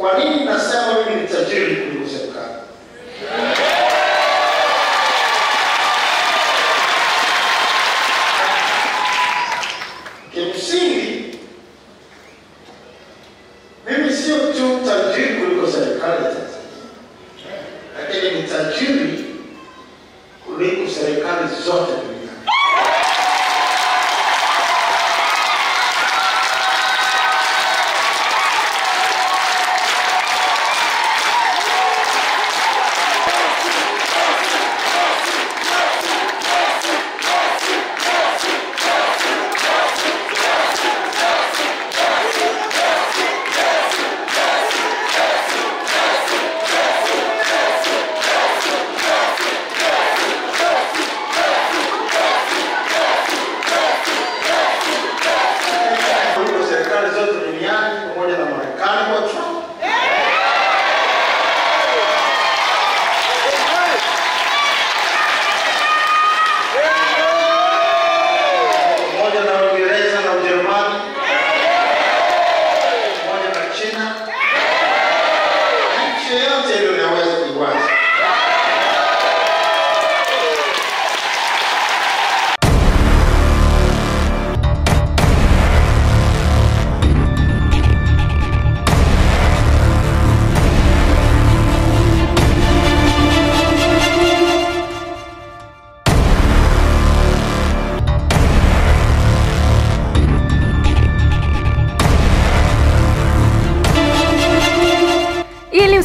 Kwa nini nasema mimi ni tajiri kuliko serikali? Kimsingi mimi sio tu tajiri kuliko serikali lakini ni tajiri kuliko serikali zote.